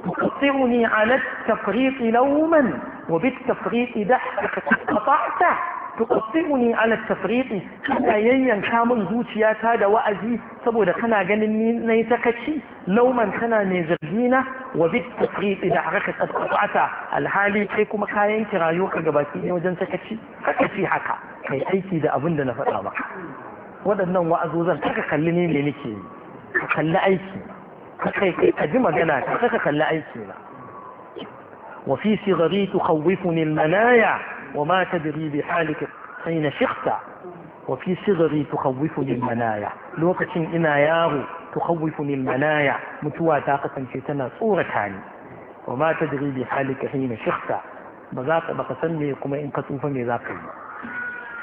[SPEAKER 2] تقطعني على التفريط لوما وبالتفريط دحك قطعته tuqsimuni ala tafriqi kana yayyanka min zuciyata da wa'azi saboda kana ganin ni nayi sakaci lauman tana mai zargina wa bit tafriqi da haraka tsatqata alhali kai kuma kayan kirayo ka gabaki ne wajen sakaci haka ci haka kai aiki da abin da na faɗa ba waɗannan wa'azu zan taka kalli ne ne nake yi ka kalli aiki ka kai kai ka ji magana ka kaka kalli aiki na وفي صغري تخوفني المنايا وما تدري بحالك حين شخت وفي صغري تخوفني المنايا لوقت إنا ياغو تخوفني المنايا متوا طاقة في سنة صورة هاني وما تدري بحالك حين شخت بذاك بقسمي كما إن قطوفني ذاك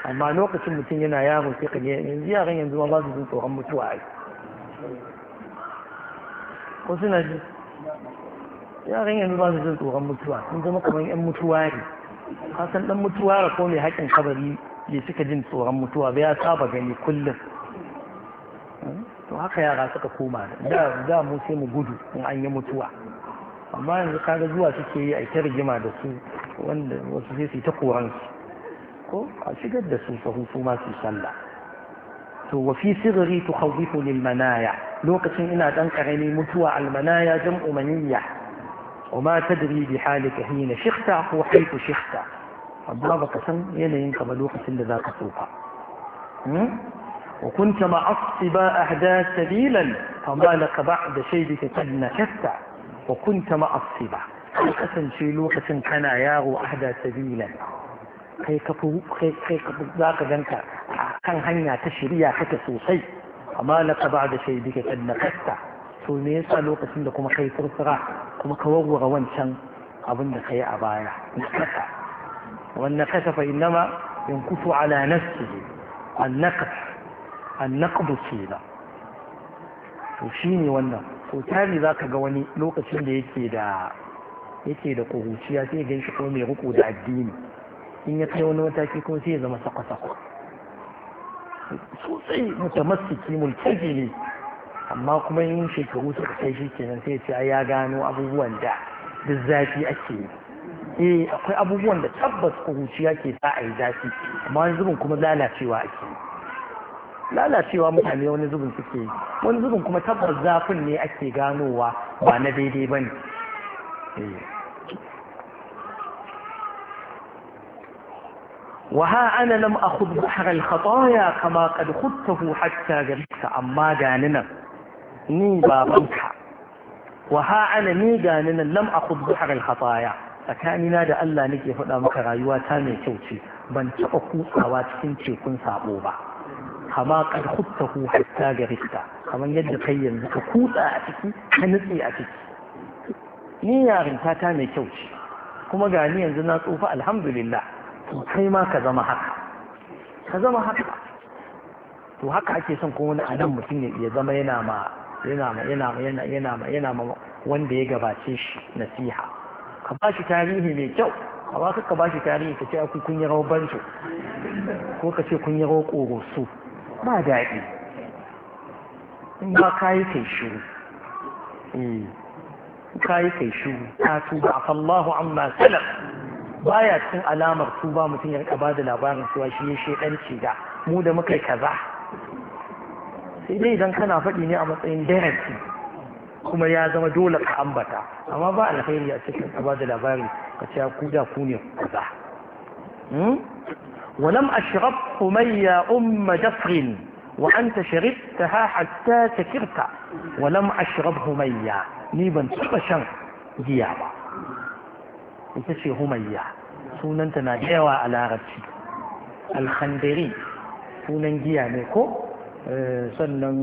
[SPEAKER 2] أما لوقت متين إنا ياغو في قليل يا غين والله الله ذو ذو غم عي قسنا يا غين ذو الله ذو ذو غم متوى من ذو مقبل أم متوى kasan dan mutuwa ra ko mai haƙin kabari ne suka jin tsoron mutuwa ba ya saba gani kullum to haka yara suka koma da da mu sai mu gudu in an yi mutuwa amma yanzu kaga zuwa suke yi a ta rigima da su wanda wasu sai su ta koran su ko a shigar da su sahu su ma su sallah to wa fi sirri tukhawifu lil manaya lokacin ina dan karami mutuwa al manaya jam'u maniyya وما تدري بحالك حين شخت أو حيث شخت فالضرب قسم ينين قبلوك سل ذاك سوقا وكنت مع الصباء أحداث سبيلا فما لك بعد شيبك تدنا شفت وكنت مع الصباء قسم شيلوك سن كان ياغو أحداث سبيلا kai ka fi kai ka fi za ka ganka a kan hanya ta shirya kake sosai amma to me yasa lokacin da kuma kai furfura kuma ka wawwara wancan abin da ka yi a baya nakasa wannan kasa fa innama yankusu ala nafsihi annaqdu kila to shine wannan to tani zaka ga wani lokacin da yake da yake da kuruciya sai ga shi ko mai ruku da addini in ya kai wani mataki ko sai ya zama sakwa-sakwa sosai mutamassiki mulkaji ne amma kuma yin shekaru suka kai shi kenan sai ce ya gano abubuwan da duk zafi ake yi eh akwai abubuwan da tabbas kuruciya ke sa a yi zafi amma wani zubin kuma lalacewa ake lalacewa mutane wani zubin suke yi wani zubin kuma tabbas zafin ne ake ganowa ba na daidai ba ne وها أنا لم أخذ بحر الخطايا كما قد خذته حتى جلست أما جاننا ni babanka wa ha ana ni gani nan lam akhud buhar al-khataya tsakanina da Allah nake faɗa maka rayuwa ta mai kyau ce ban taɓa kutsawa cikin tekun sabo ba kama kad khuttahu hatta garista kamar yadda kai yanzu ka kutsa a ciki ka nutse a ciki ni yarinta ta mai kyau ce kuma gani yanzu na tsufa alhamdulillah to kai ma ka zama haka ka zama haka to haka ake son kuma wani anan mutum ya zama yana ma yana ma yana ma yana yana ma yana ma wanda ya gabace shi nasiha ka ba shi tarihi mai kyau ba ka ba shi tarihi ka ce a kun yi rawar banjo ko ka ce kun yi rawar ƙoroso ba daɗi in ba eh. ka yi kai shiru ka yi kai shiru ta tuba a fallahu amma salam baya cikin alamar tuba mutum ya rika ba da labarin cewa shi ya shaidanci da mu da muka kaza sai dai idan kana faɗi ne a matsayin darasi kuma ya zama dole ka ambata amma ba alkhairi a cikin ka ba da labari ka ce ku da ku ne kaza ولم أشرب حمية أم جفر وأنت شربتها حتى سكرت ولم أشرب حمية نيبا تبشر جيابا يتشي حمية سونا تناديوا على ربشي الخندري sunan giya ne ko Eh, sannan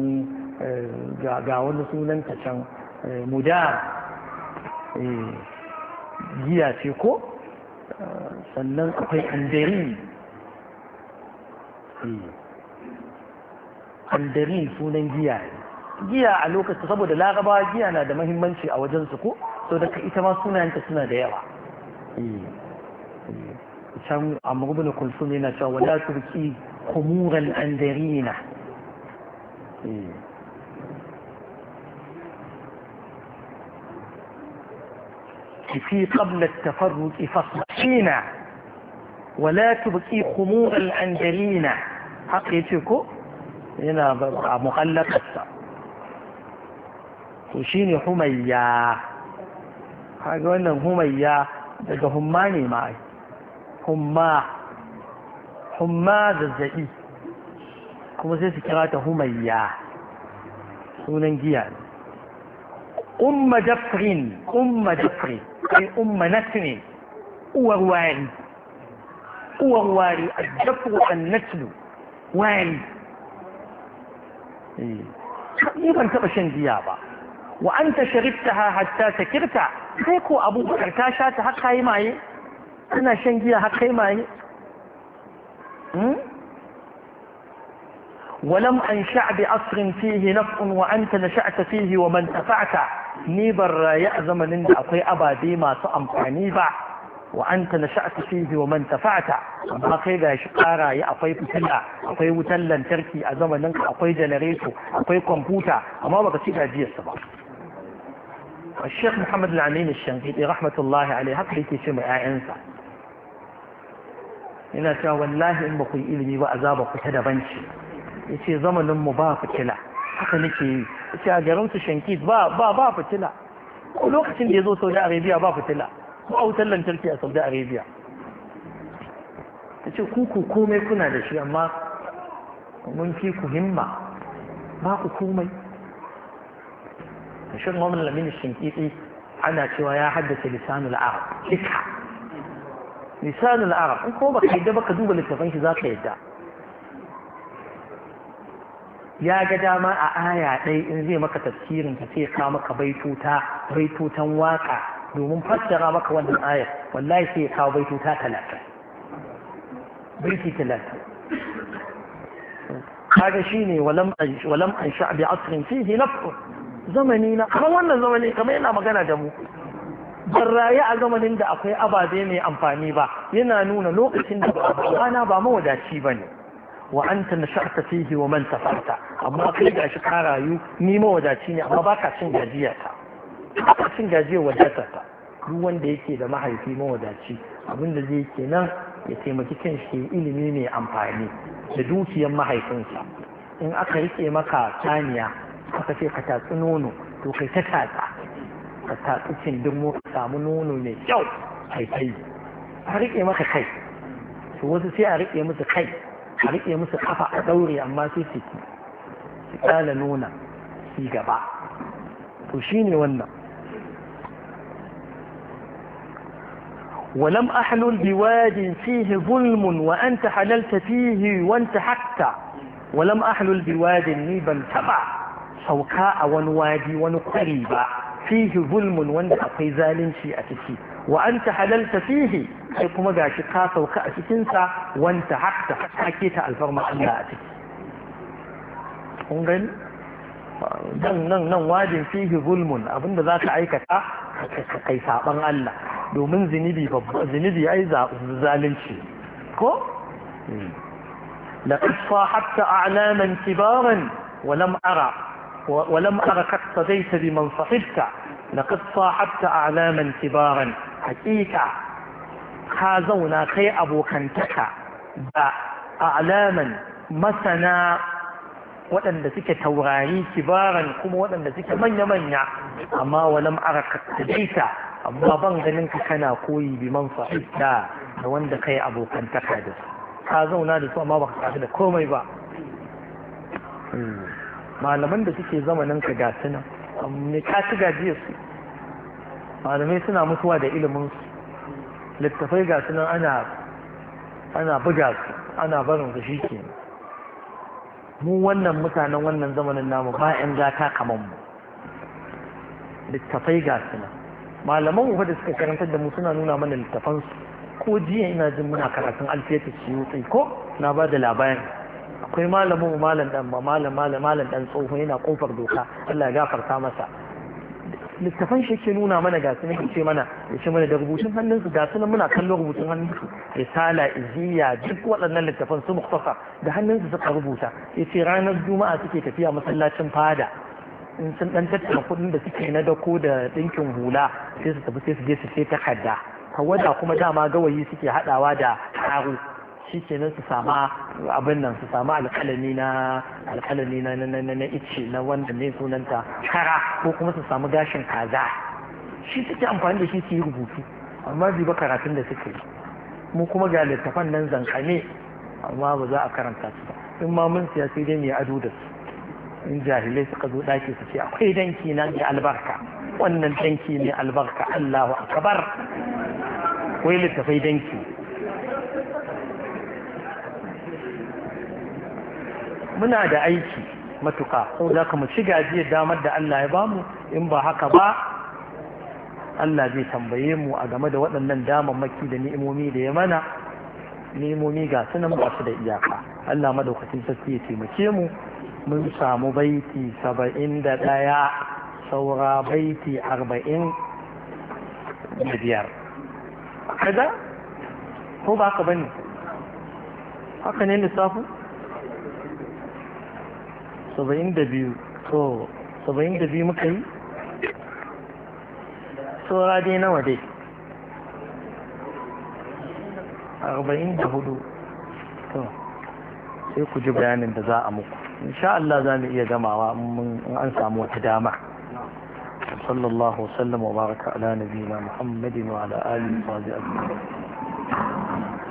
[SPEAKER 2] eh, ga wani sunan ta can eh, muda giya ce ko sannan akwai andarin andarin sunan giya ne giya a lokacin saboda laraba giya na da mahimmanci a wajensu ko so daga ita ma sunayenta suna da yawa can amur bin kulsum yana cewa wadatar ki kumuran andarina إيه. في قبل التفرج فاصبحينا ولا تبكي خمور الأنجلينا حق يتيكو هنا مخلقة وشيني حمية حاجة وانا حمية daga هماني معي هما humma ذا kuma sai su kira ta humayya sunan giya ne umma jafrin umma jafri kai umma nasri uwar wari uwar wari a jafru an naslu wari ni ban taba shan giya ba wa an ta sharifta ha hatta ta kirta kai ko abubakar ta sha ta haka yi maye kana shan giya haka yi maye ولم أنشأ بعصر فيه نفع وأنت نشأت فيه ومن تفعت نيبر رايا زمن أقوي أبا ديما سأمتعني با وأنت نشأت فيه ومن تفعت أما قيدا شقارا يا أقوي بتلا أقوي وتلا تركي أزمن أنك أقوي جنريتو أقوي كمبيوتر أما بقى تيجي أجي الصباح الشيخ محمد العنين الشنقيطي رحمة الله عليه هكذا يسمع أنسى ina cewa wallahi in ba ku yi ilimi ba azaba ku ta daban ce ya ce zamaninmu ba fitila haka nake yi ce a garinsu shankis ba ba ba fitila ko lokacin da ya zo saudi arabia ba fitila ko a wutar lantarki a saudi arabia ta ce kuku komai kuna da shi amma mun fi ku himma ba ku komai shi mamun lamin shinkiti ana cewa ya haddace lisanul arab duka lisanul arab in ko baka yadda baka duba littafin shi za ka yadda ya ga dama a aya ɗai in zai maka tafsirin ka sai ka maka baituta baitutan waka domin fassara maka wannan aya wallahi sai ya kawo baituta talatin baiti talatin kaga shine walam walam an sha bi asrin fihi nafsu zamani na kamar wannan zamani kamar yana magana da mu ban raye a zamanin da akwai ababe mai amfani ba yana nuna lokacin da ba ba mawadaci ba ne wa anta nasharta fihi wa man tafarta amma kai ga shi ka ni mawadaci ne amma baka cin gajiyar ka baka cin gajiyar duk wanda yake da mahaifi mawadaci abin da zai nan ya taimaki kan shi ilimi mai amfani da dukiyar mahaifinsa in aka rike maka saniya aka ce ka tatsi nono to kai ta tatsa ka tatsi mu ka samu nono mai kyau kai kai a rike maka kai to wasu sai a rike musu kai a riƙe musu دوري أما ɗaure amma sai su su ƙala nuna su ولم أحلل بواد فيه ظلم وأنت حللت فيه وأنت حتى ولم أحلل بواد نيبا تبع سوكاء ونوادي ونقريبا فيه ظلم وأنت أقي ذالين شيء أتكي وأنت حللت فيه حكم بعشقات وكأس تنسى وأنت حقت حكيت الفرمة أن لا أتك ونقل نن نن واد فيه ظلم أبن ذات عيكة كيسا من الله دو من زنبي بب زنبي أيضا زالنشي كو لقد صاحبت أعلاما كبارا ولم أرى ولم أرى قد صديت بمن صحبت لقد صاحبت أعلاما كبارا hakika ka zauna kai abokantaka da alaman masana waɗanda suke taurari kibaran kuma waɗanda suke manya-manya amma walam araka ta amma ban ganin ka kana koyi bi man fa'ida da wanda kai abokantaka da su ka zauna da su amma ka tafi da komai ba hmm. malaman da suke zamanin ka ga nan amma ka ci gajiyar su malamai suna mutuwa da ilimin littafai ga sunan ana ana buga su ana barin su shike mu wannan mutanen wannan zamanin namu ba yan gata kaman mu littafai ga sunan malaman uku da suka karantar da mu suna nuna mana littafan su ko jiya ina jin muna karatun alfiyatu siyuti ko na ba da labarin akwai malamin malam dan malam malam malam dan tsoho yana kofar doka Allah ya gafarta masa littafan shi ke nuna mana ga ne ce mana ya ce mana da rubutun hannunsu ga suna muna kallon rubutun hannunsu risala iziya duk waɗannan littafan su muktasa da hannunsu suka rubuta ya ce ranar juma'a suke tafiya masallacin fada in sun ɗan tattara kuɗin da suke na dako da ɗinkin hula sai su tafi sai su je su sai takarda tawada kuma dama gawayi suke haɗawa da haru shi nan su sama abin nan su sama alƙalami na alƙalami na na ice na wanda ne sunanta kara ko kuma su samu gashin kaza shi suke amfani da shi su yi rubutu amma bai ba karatun da suka yi mu kuma ga littafan nan zankane amma ba za a karanta su ba in ma mun siya sai dai mai ado da su in jahilai suka zo ɗaki su ce akwai danki na mai albarka wannan danki mai albarka Allahu akabar akwai littafai danki muna da aiki matuka ko za ka mu ci gajiyar damar da Allah ya bamu in ba haka ba Allah zai tambaye mu a game da waɗannan damammaki da ni'imomi da ya mana ni'imomi ga sunan basu da iyaka Allah madaukakin sarki ya taimake mu mun samu baiti saba'in da ɗaya saura baiti arba'in da biyar kada ko ba ka bane haka ne lissafin saba'in da biyu to saba'in da biyu muka yi saura dai nawa dai arba'in da hudu to sai ku ji bayanin da za a muku insha Allah za mu iya gamawa in an samu wata dama صلى الله وسلم وبارك على نبينا محمد وعلى آله وصحبه أجمعين